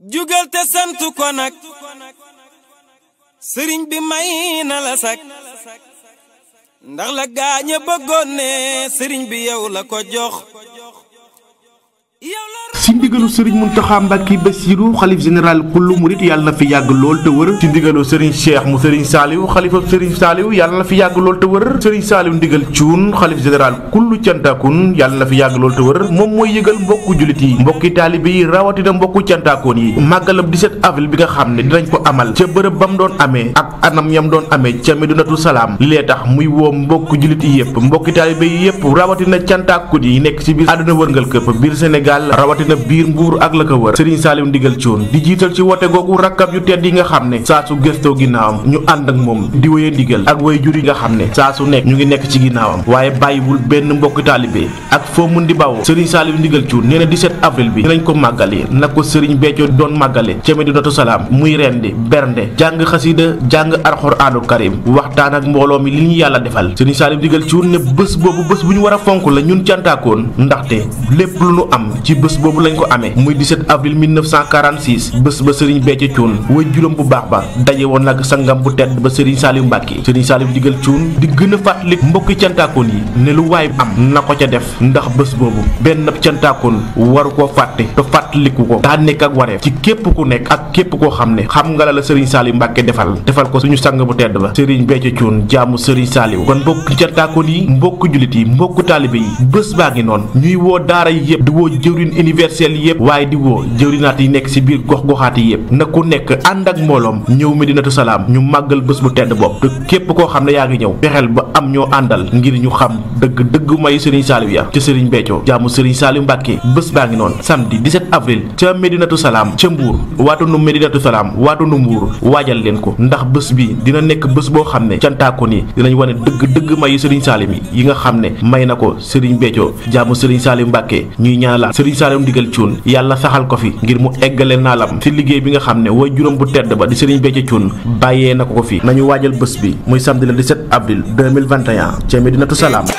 jugal te sant ko nag sëriñ bi may na la sak ndax la gaaña bëggoon ne sëriñ bi yow la ko jox ndigalu Serigne Mountakha Mbacké Bassirou xalif général kullu murit yàlla na fi yàgg lool te wër ci ndigalu Serigne Cheikh mu Serigne Saliou xalifa Serigne Saliou yàlla na fi yàgg lool te wër Serigne Saliou ndigal cuun xalif général kullu cantakun yàlla na fi yàgg lool te wër moom mooy yëgal mbokku jullit yi mbokki taalibe yi rawatina mbokku cantakoon yi màggalam 17 avril bi nga xam ne dinañ ko amal ca bërëb ba doon amee ak anam yam doon amee ca Medinatu Salaam lee tax muy biir Mbuur ak la ko Ndigal Thioune di jiital ci wote googu rakkab yu tedd yi nga xam ne saa su gëstoo ginnaawam ñu ànd ak moom di wéye ndigal ak way jur yi nga xam ne saa su nekk ñu ngi nekk ci ginnaawam waaye bàyyiwul benn mbokki taalibe ak foo mun di bawoo Serigne Saliou Ndigal Thioune nee na 17 avril bi dinañ ko màggali na ko Serigne Béthio doon màggale ca Medinatu Salaam muy rendi bernde jàng xasida jàng alxuraanul karim waxtaan ak mbooloo mi li ñu yàlla defal Serigne Saliou Ndigal Thioune ne bu ñu war a fonk la ñun cantaakoon ndaxte lépp amee muy 17 avril 1946 bés ba sëriñ Béthio Thioune way juróom bu baax ba daje woon nag sangam bu tedd ba sëriñ Saliou Mbacke sëriñ Saliou digal Thioune di gën a fàttali mbokki cantaakoon yi ne lu ko ca def ndax bés boobu benn fàttaliku ko ku nekk ak képp koo xam ne xam nga la la sëriñ Saliou Mbacke defal defal ko suñu sang bu tedd ba sëriñ Béthio Thioune jaamu sëriñ Saliou kon mbokki cantaakoon yi mbokki jullit yi mbokki taalibe yi bés baa ngi noonu ñuy woo daara yi yëpp woo jëwrin universel localité yëpp waaye di woo jëwrinaat yi nekk ci biir gox-goxaat yi yëpp na ku nekk ànd ak mbooloom ñëw Medinatu Salaam ñu màggal bés bu tedd bopp te képp koo xam ne yaa ngi ñëw fexeel ba am ñoo àndal ngir ñu xam dëgg dëgg mayu sëriñ Saliou ya ca Serigne Béthio jaamu Serigne Saliou Mbacke bés baa ngi noonu samedi 17 avril ca Medinatu Salaam ca Mbour waatunu Medinatu Salaam waatunu Mbour waajal leen ko ndax bés bi dina nekk bés boo xam ne cantaakon yi dinañ wane dëgg dëgg mayu Serigne Saliou yi nga xam ne may na ko Serigne Béthio jaamu Serigne Saliou Mbacke ñuy ñaanalaat Cuun yàlla saxal ko fi ngir mu eggale naalam si liggéey bi nga xam ne way juróom bu tedd ba di Serigne Béthio Cuun bàyyee na ko ko fi nañu waajal bés bi muy samedi le 17 avril 2021 ca Medinatu Salaam